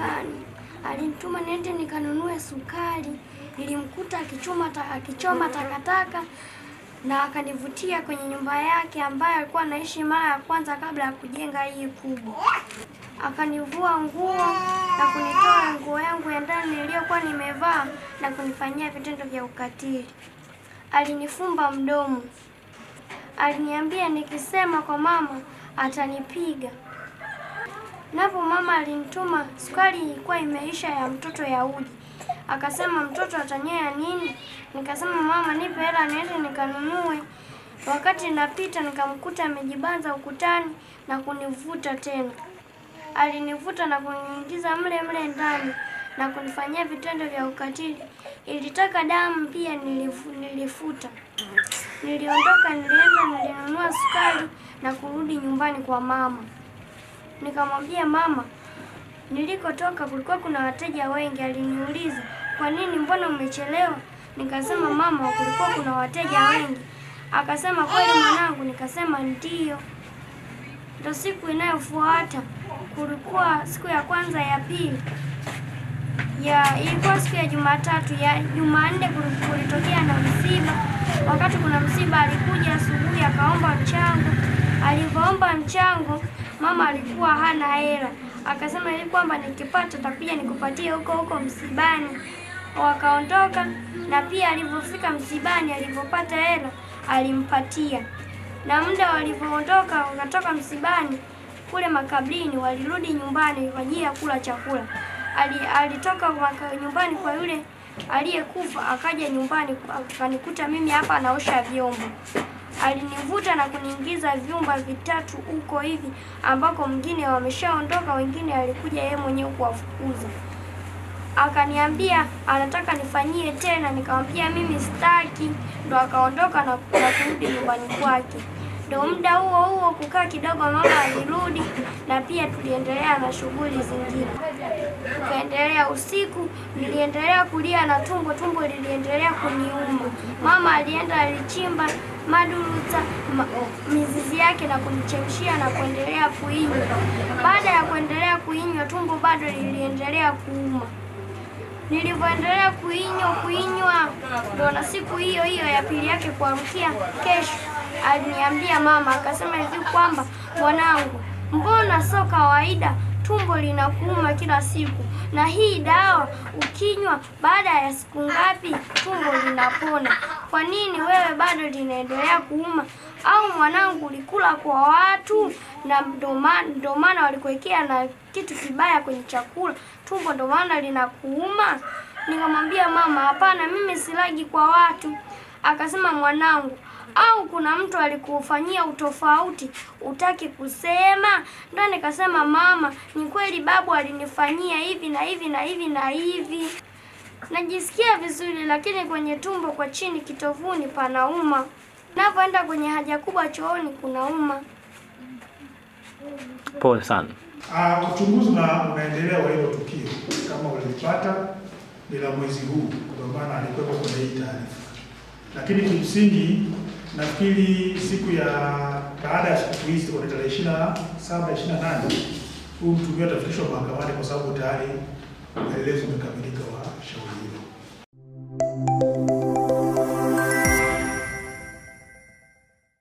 dukani, alinituma niende nikanunue sukari. Nilimkuta akichoma akichoma takataka na akanivutia kwenye nyumba yake ambayo alikuwa anaishi mara ya kwanza kabla ya kujenga hii kubwa. Akanivua nguo na kunitoa nguo yangu ya ndani niliyokuwa nimevaa na kunifanyia vitendo vya ukatili. Alinifumba mdomo, aliniambia nikisema kwa mama atanipiga. Napo mama alinituma, sukari ilikuwa imeisha ya mtoto ya uji. Akasema mtoto atanyea nini? Nikasema mama, nipe hela niende nikanunue. Wakati napita nikamkuta amejibanza ukutani na kunivuta tena. Alinivuta na kuniingiza mle mle ndani na kunifanyia vitendo vya ukatili. Ilitaka damu pia nilifu, nilifuta. Niliondoka, nilienda, nilinunua sukari na kurudi nyumbani kwa mama. Nikamwambia mama, nilikotoka kulikuwa kuna wateja wengi. Aliniuliza, kwa nini, mbona umechelewa? Nikasema mama, kulikuwa kuna wateja wengi. Akasema kweli mwanangu? Nikasema ndiyo. Ndo siku inayofuata kulikuwa siku ya kwanza, ya pili ya ilikuwa siku ya Jumatatu. Ya Jumanne kulitokea na msiba. Wakati kuna msiba, alikuja asubuhi akaomba mchango. Alivyoomba mchango Mama alikuwa hana hela, akasema ili kwamba nikipata takuja nikupatie huko huko msibani. Wakaondoka, na pia alivyofika msibani, alivyopata hela alimpatia, na muda walivyoondoka wakatoka msibani kule makabrini, walirudi nyumbani kwa ajili ya kula chakula. Ali, alitoka nyumbani kwa yule aliyekufa, akaja nyumbani akanikuta mimi hapa naosha vyombo. Alinivuta na kuniingiza vyumba vitatu huko hivi, ambako mwingine wameshaondoka, wengine alikuja yeye mwenyewe kuwafukuza. Akaniambia anataka nifanyie tena, nikamwambia mimi sitaki, ndo akaondoka na kurudi nyumbani kwake. Ndo muda huo huo kukaa kidogo, mama alirudi na pia tuliendelea na shughuli zingine ya usiku, niliendelea kulia na tumbo tumbo liliendelea kuniuma. Mama alienda alichimba maduruta ma, mizizi yake na kunichemshia na kuendelea kuinywa. Baada ya kuendelea kuinywa, tumbo bado liliendelea kuuma. Nilivyoendelea kuinywa kuinywa, ndo na siku hiyo hiyo ya pili yake kuamkia kesho, aliniambia mama akasema hivi kwamba, mwanangu, mbona sio kawaida tumbo linakuuma kila siku, na hii dawa ukinywa baada ya siku ngapi tumbo linapona? Kwa nini wewe bado linaendelea kuuma? Au mwanangu ulikula kwa watu na ndo maana walikuwekea na kitu kibaya kwenye chakula, tumbo ndo maana linakuuma? Nikamwambia mama, hapana, mimi silagi kwa watu. Akasema mwanangu au kuna mtu alikufanyia utofauti utaki kusema? Ndo nikasema mama, ni kweli babu alinifanyia hivi na hivi na hivi na hivi. Najisikia vizuri, lakini kwenye tumbo kwa chini kitovuni panauma. Ninapoenda kwenye haja kubwa chooni kunauma. Pole sana. Uh, uchunguzi na unaendelea wa hilo tukio kama ulipata bila mwezi huu, kwa maana alikuwepo kwenye hii taarifa, lakini kimsingi nafikiri siku ya baada ya siku hizi kwa tarehe ishirini na saba ishirini na nane huyu mtuhumiwa atafikishwa mahakamani kwa sababu tayari upelelezi umekamilika wa shauri hilo.